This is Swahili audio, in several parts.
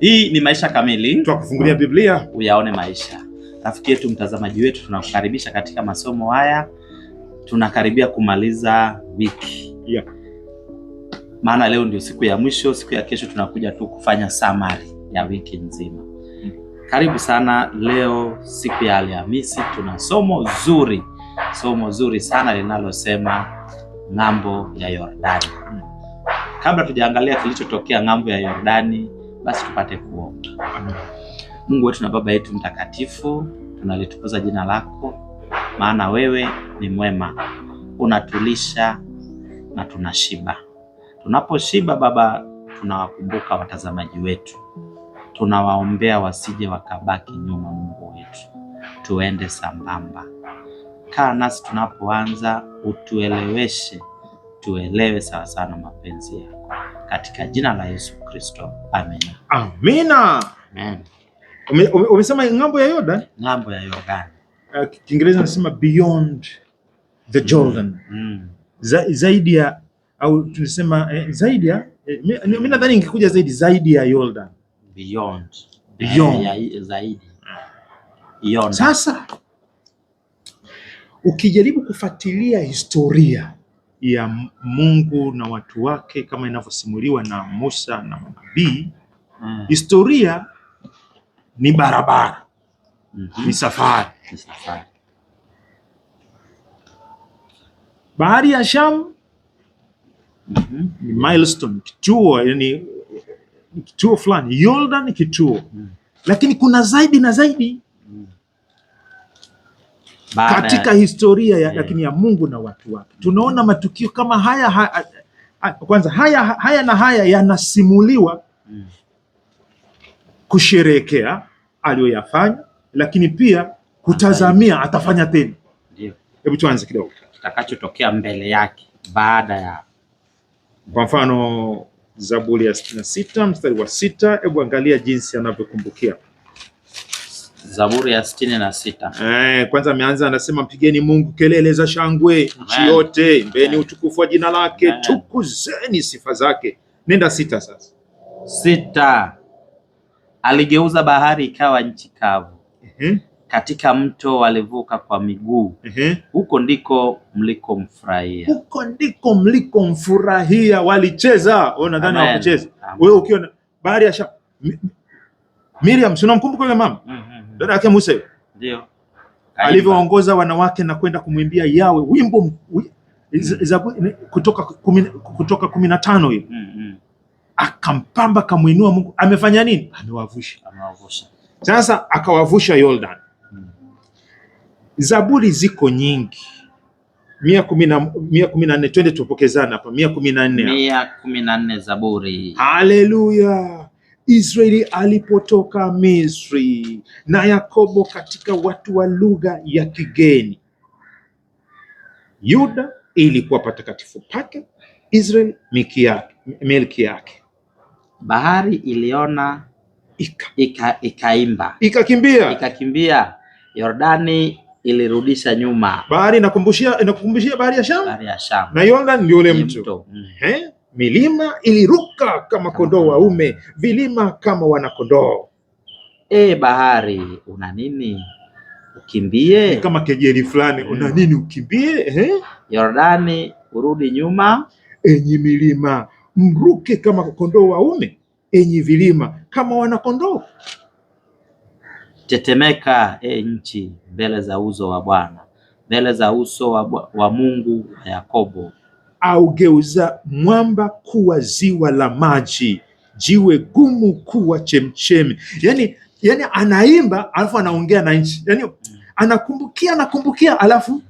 Hii ni Maisha Kamili, twakufungulia Biblia uyaone maisha. Rafiki yetu, mtazamaji wetu, tunakukaribisha katika masomo haya. Tunakaribia kumaliza wiki yeah. Maana leo ndio siku ya mwisho, siku ya kesho tunakuja tu kufanya summary ya wiki nzima. Karibu sana. Leo siku ya Alhamisi tuna somo zuri, somo zuri sana linalosema ng'ambo ya Yordani. Kabla tujaangalia kilichotokea ng'ambo ya Yordani basi tupate kuomba. Mungu wetu na Baba yetu mtakatifu, tunalitukuza jina lako, maana wewe ni mwema, unatulisha na tunashiba. Tunaposhiba Baba, tunawakumbuka watazamaji wetu, tunawaombea wasije wakabaki nyuma. Mungu wetu, tuende sambamba. Kaa nasi tunapoanza, utueleweshe, tuelewe sawasawa na mapenzi yako katika jina la Yesu Kristo, amina. Amina. Amen. Umesema ume, ng'ambo ya Yoda? Ng'ambo ya Yoda. Uh, eh, Kiingereza nasema beyond the Jordan. Mm, mm. Za, zaidi ya au tunasema eh, zaidi ya eh, mimi nadhani ingekuja zaidi zaidi ya Jordan. Beyond. Beyond. Eh, zaidi. Yonda. Sasa ukijaribu kufuatilia historia mm ya Mungu na watu wake kama inavyosimuliwa na Musa na manabii mm. Historia ni barabara mm -hmm. Ni safari, ni safari. Bahari ya Shamu mm -hmm. ni milestone, kituo yani kituo fulani. Yordan ni kituo mm. Lakini kuna zaidi na zaidi baada katika historia ya, lakini ya Mungu na watu wake tunaona matukio kama haya ha, ha, kwanza haya, haya na haya yanasimuliwa mm. kusherehekea kusherekea aliyoyafanya, lakini pia kutazamia atafanya tena. Hebu tuanze kidogo kitakachotokea mbele yake baada ya kwa mfano Zaburi ya sitini na sita mstari wa sita hebu angalia jinsi anavyokumbukia Zaburi ya sitini na sita. Eh, kwanza ameanza anasema, mpigeni Mungu kelele za shangwe nchi yote, mbeni utukufu wa jina lake, tukuzeni sifa zake. Nenda sita sasa. Sita, aligeuza bahari ikawa nchi kavu. Katika mto walivuka kwa miguu. Huko ndiko mlikomfurahia, huko ndiko mlikomfurahia. Walicheza, oh, nadhani hawakucheza wewe ukiona bahari ya Miriam, si unamkumbuka yule mama? Mm-hmm dada yake Muse ndio alivyoongoza wanawake na kwenda kumwimbia Yawe wimbo mm. kutoka kumi, kutoka kumi na tano hiyo mm, mm, Akampamba akamwinua Mungu. Amefanya nini? Amewavusha, amewavusha. Sasa akawavusha Yordan mm. Zaburi ziko nyingi mia kumi na nne twende tupokezana hapa mia kumi na nne Zaburi. Haleluya. Israeli alipotoka Misri na Yakobo katika watu wa lugha ya kigeni. Yuda ilikuwa patakatifu pake, Israeli milki yake. Bahari iliona ikaimba, ika, ika ikakimbia, ikakimbia. Yordani ilirudisha nyuma. Bahari inakumbushia, inakumbushia bahari ya Shamu, bahari ya Shamu na Yordani ndio ule mto, mto. Mm. Eh? Milima iliruka kama kondoo waume, vilima kama wanakondoo. E bahari, una nini ukimbie? Ni kama kejeli fulani, una hmm. nini ukimbie? Yordani, urudi nyuma. Enyi milima mruke kama kondoo waume, enyi vilima kama wanakondoo. Tetemeka e nchi, mbele za uso wa Bwana, mbele za uso wa, wa Mungu wa Yakobo augeuza mwamba kuwa ziwa la maji, jiwe gumu kuwa chemchemi. Yani, yani anaimba alafu anaongea na nchi yani, anakumbukia anakumbukia alafu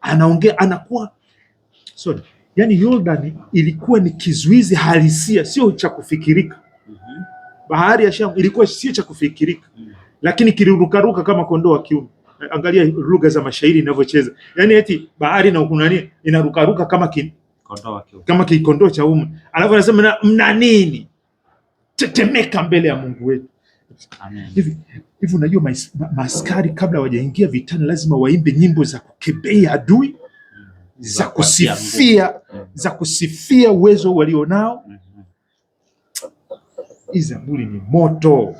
anaongea anakuwa sorry. Yani Yordani ilikuwa ni kizuizi halisia, sio cha kufikirika. Mhm. Bahari ya Shamu ilikuwa sio cha kufikirika, mm. lakini kilirukaruka kama kondoo wa kiume. Angalia lugha za mashairi inavyocheza, yani eti bahari na ukunani inarukaruka kama ki, kama kikondoo cha ume, alafu anasema mna nini? Tetemeka mbele ya Mungu wetu. Hivi hivi, unajua maskari kabla wajaingia vitani lazima waimbe nyimbo za kukebea adui mm-hmm. za kusifia za kusifia uwezo walionao. Mm-hmm. Hii Zaburi ni moto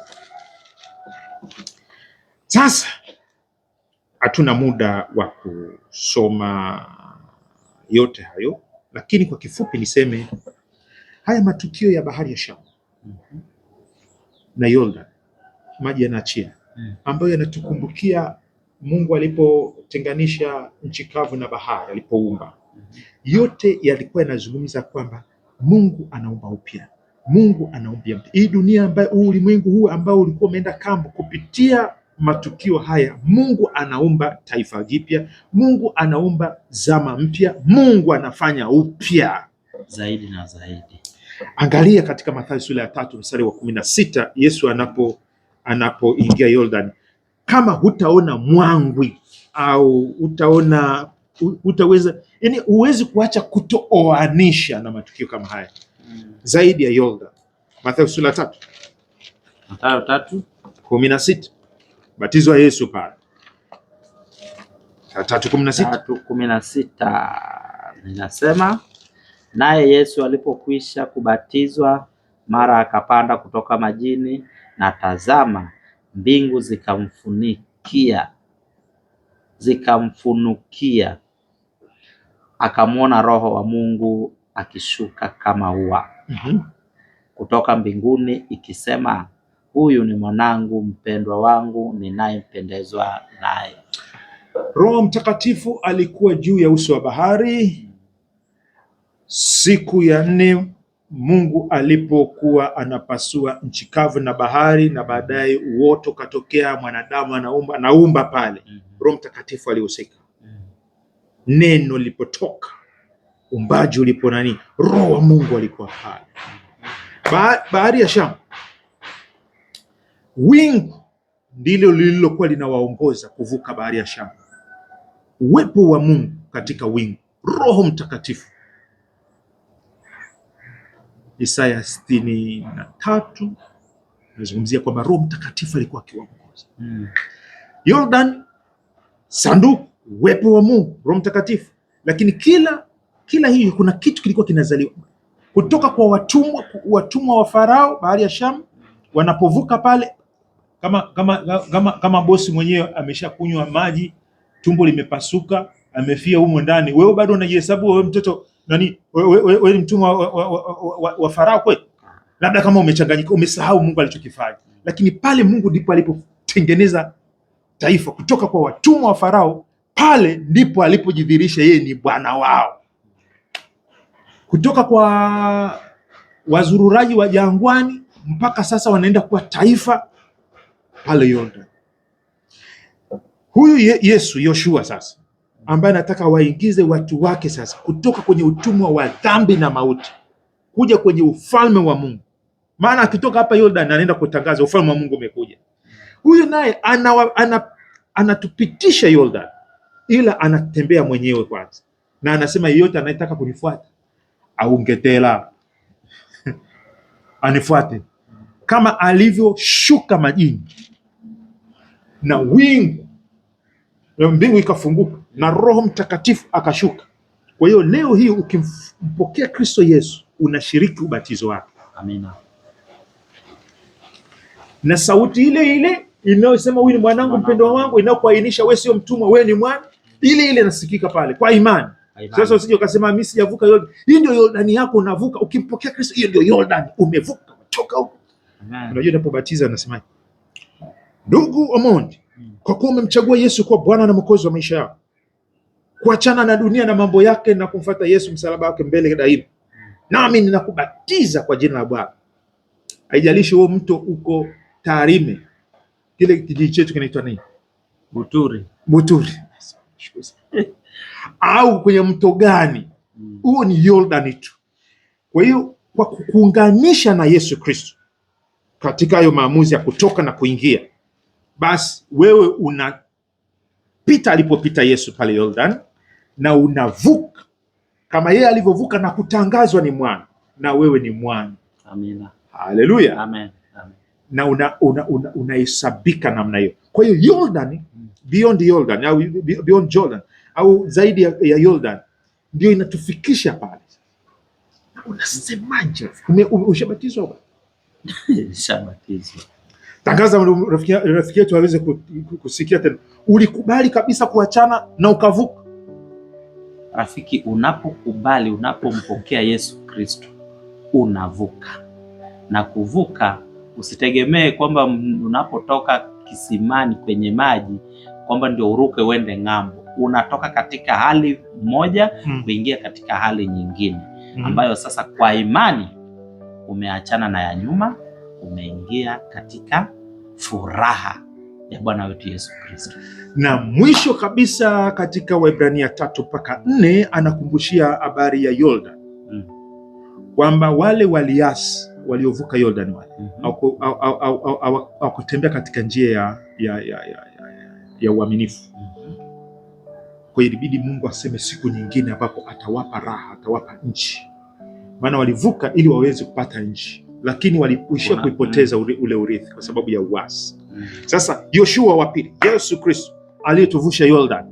sasa hatuna muda wa kusoma yote hayo, lakini kwa kifupi niseme haya matukio ya bahari ya Shamu mm -hmm. na yolda maji yanaachia mm. ambayo yanatukumbukia Mungu alipotenganisha nchi kavu na bahari alipoumba mm -hmm. yote yalikuwa yanazungumza kwamba Mungu anaumba upya, Mungu anaumba hii dunia ambayo ulimwengu huu ambao ulikuwa umeenda kambo kupitia matukio haya, Mungu anaumba taifa jipya, Mungu anaumba zama mpya, Mungu anafanya upya zaidi na zaidi. Angalia katika Mathayo sura ya tatu mstari wa kumi na sita Yesu anapo anapoingia Yordani, kama hutaona mwangwi au utaona utaweza, yani huwezi kuacha kutooanisha na matukio kama haya hmm. zaidi ya Yordani. Mathayo sura ya tatu Mathayo tatu kumi na sita Batizo wa Yesu pale tatu kumi na sita tatu kumi na sita inasema naye Yesu alipokwisha kubatizwa, mara akapanda kutoka majini, na tazama, mbingu zikamfunikia zikamfunukia, akamwona Roho wa Mungu akishuka kama ua mm -hmm. kutoka mbinguni ikisema huyu ni mwanangu mpendwa wangu ninayependezwa naye. Roho Mtakatifu alikuwa juu ya uso wa bahari siku ya nne Mungu alipokuwa anapasua nchi kavu na bahari, na baadaye uoto ukatokea, mwanadamu anaumba anaumba pale. Mm-hmm. Roho Mtakatifu alihusika. Mm-hmm. Neno lilipotoka, umbaji ulipo nani, Roho wa Mungu alikuwa pale. ba bahari ya Shamu wingu ndilo lililokuwa linawaongoza kuvuka bahari ya Shamu. Uwepo wa Mungu katika wingu, Roho Mtakatifu. Isaya sitini na tatu nazungumzia kwamba Roho Mtakatifu alikuwa akiwaongoza hmm. sanduku, uwepo wa Mungu, Roho Mtakatifu. Lakini kila kila hiyo kuna kitu kilikuwa kinazaliwa kutoka kwa watumwa watumwa wa Farao bahari ya Shamu, wanapovuka pale kama, kama, kama, kama bosi mwenyewe ameshakunywa maji, tumbo limepasuka, amefia humo ndani, wewe bado unajihesabu wewe mtoto nani? Wewe ni mtumwa wa, wa, wa, wa, wa Farao kwe? Labda kama umechanganyika, umesahau Mungu alichokifanya. Lakini pale Mungu ndipo alipotengeneza taifa kutoka kwa watumwa wa Farao, pale ndipo alipojidhihirisha yeye ni Bwana wao, kutoka kwa wazururaji wa jangwani mpaka sasa wanaenda kuwa taifa aliyoonda. Huyu Yesu Yoshua sasa ambaye anataka waingize watu wake sasa kutoka kwenye utumwa wa dhambi na mauti kuja kwenye ufalme wa Mungu, maana akitoka hapa Yordani anaenda kutangaza ufalme wa Mungu umekuja. Huyu naye ana, ana, anatupitisha Yordani, ila anatembea mwenyewe kwanza, na anasema yeyote anayetaka kunifuata aungetela anifuate kama alivyoshuka majini na wingu mbingu ikafunguka na Roho Mtakatifu akashuka. Kwa hiyo leo hii ukimpokea Kristo Yesu unashiriki ubatizo wake. Amina. Na sauti ile ile inayosema huyu ni mwanangu mpendwa wangu, inayokuainisha wewe sio mtumwa, wewe ni mwana, ile ile inasikika pale kwa imani. Sasa usije ukasema mimi sijavuka Yordani. Hii ndio Yordani yako unavuka. Ukimpokea Kristo, hiyo ndio Yordani umevuka, umetoka huko. Unajua unapobatiza anasemaje? Ndugu Omondi, kwa kuwa umemchagua Yesu kuwa Bwana na Mwokozi wa maisha yako, kuachana na dunia na mambo yake na kumfuata Yesu msalaba wake mbele daima, nami ninakubatiza kwa jina la Bwana. Haijalishi huo mto uko Tarime, kile kijiji chetu kinaitwa nini? Buturi, Buturi au kwenye mto gani mm. huo? Ni Yordani tu. Kwa hiyo kwa kukuunganisha na Yesu Kristo katika hayo maamuzi ya kutoka na kuingia basi wewe unapita alipopita Yesu pale Yordani na unavuka kama yeye alivyovuka na kutangazwa ni mwana, na wewe ni mwana. Amina, haleluya, amen, amen. Na unahesabika una, una, una namna hiyo. Kwa hiyo Yordani, beyond Yordani au beyond Jordan au zaidi ya, ya Yordan ndio inatufikisha pale. Unasemaje? Ushabatizwa? Nishabatizwa. Tangaza rafiki yetu aweze kusikia tena. Ulikubali kabisa kuachana na ukavuka. Rafiki, unapokubali unapompokea Yesu Kristo unavuka na kuvuka, usitegemee kwamba unapotoka kisimani kwenye maji kwamba ndio uruke uende ng'ambo. Unatoka katika hali moja hmm. kuingia katika hali nyingine hmm. ambayo sasa kwa imani umeachana na ya nyuma umeingia katika furaha ya Bwana wetu Yesu Kristo. Na mwisho kabisa katika Waibrania tatu mpaka nne anakumbushia habari ya Yordan mm. kwamba wale waliasi waliovuka Yordan wale mm -hmm. au hawakutembea katika njia ya, ya, ya, ya, ya, ya uaminifu mm -hmm. kwa ilibidi Mungu aseme siku nyingine ambapo atawapa raha, atawapa nchi, maana walivuka ili waweze kupata nchi lakini waliishia kuipoteza mm. ule urithi kwa sababu ya uasi. Mm. Sasa Yoshua wa pili, Yesu Kristo aliyetuvusha Yordan,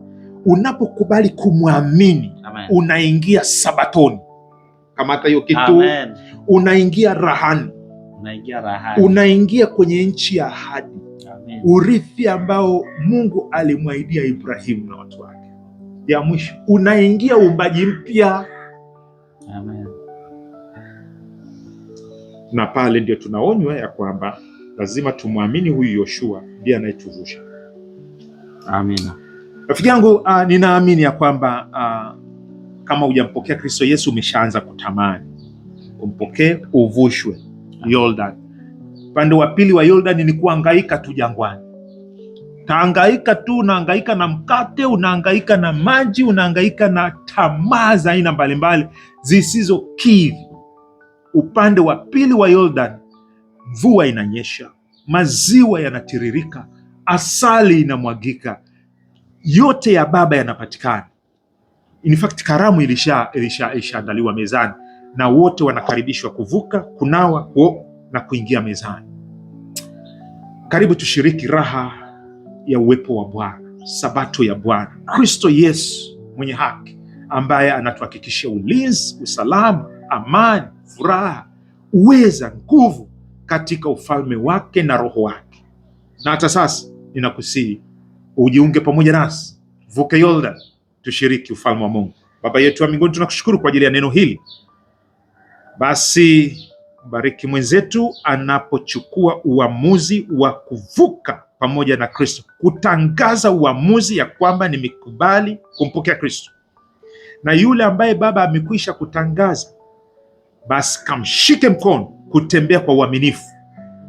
unapokubali kumwamini unaingia sabatoni. Kamata hiyo kitu, unaingia rahani, unaingia rahani, unaingia kwenye nchi ya ahadi, urithi ambao Mungu alimwahidia Ibrahimu na watu wake. Ya mwisho unaingia uumbaji mpya. Amen na pale ndio tunaonywa ya kwamba lazima tumwamini huyu Yoshua, ndiye anayetuvusha. Amina rafiki yangu, uh, ninaamini ya kwamba uh, kama hujampokea Kristo Yesu umeshaanza kutamani umpokee, uvushwe Yordan. Upande wa pili wa Yordan ni kuangaika tu jangwani, taangaika tu, unaangaika na mkate, unaangaika na maji, unaangaika na tamaa za aina mbalimbali zisizokivi upande wa pili wa yordan mvua inanyesha, maziwa yanatiririka, asali inamwagika, yote ya Baba yanapatikana. In fact karamu ilisha ilishaandaliwa mezani na wote wanakaribishwa kuvuka, kunawa, kuo na kuingia mezani. Karibu tushiriki raha ya uwepo wa Bwana, sabato ya Bwana. Kristo Yesu mwenye haki ambaye anatuhakikishia ulinzi, usalama, amani furaha, uweza, nguvu katika ufalme wake na roho wake. Na hata sasa ninakusihi ujiunge pamoja nasi, vuke Yordan, tushiriki ufalme wa Mungu. Baba yetu wa mbinguni, tunakushukuru kwa ajili ya neno hili. Basi bariki mwenzetu anapochukua uamuzi wa kuvuka pamoja na Kristo, kutangaza uamuzi ya kwamba nimekubali kumpokea Kristo, na yule ambaye Baba amekwisha kutangaza basi kamshike mkono kutembea kwa uaminifu,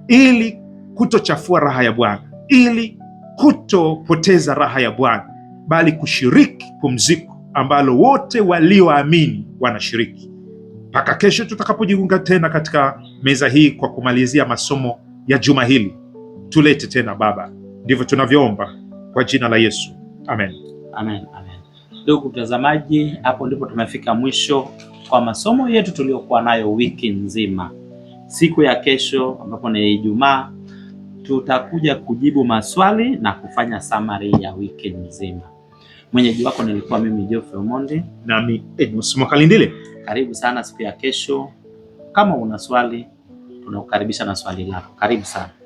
ili kutochafua raha ya Bwana, ili kutopoteza raha ya Bwana, bali kushiriki pumziko ambalo wote walioamini wanashiriki. Mpaka kesho tutakapojiunga tena katika meza hii kwa kumalizia masomo ya juma hili, tulete tena Baba. Ndivyo tunavyoomba kwa jina la Yesu, amen, amen. Ndugu mtazamaji, hapo ndipo tumefika mwisho kwa masomo yetu tuliyokuwa nayo wiki nzima. Siku ya kesho ambapo ni Ijumaa, tutakuja kujibu maswali na kufanya summary ya wiki nzima. Mwenyeji wako nilikuwa mimi Geoffrey Omondi, nami Edmus Mwakalindile. Karibu sana siku ya kesho. Kama una swali, tunakukaribisha na swali lako. Karibu sana.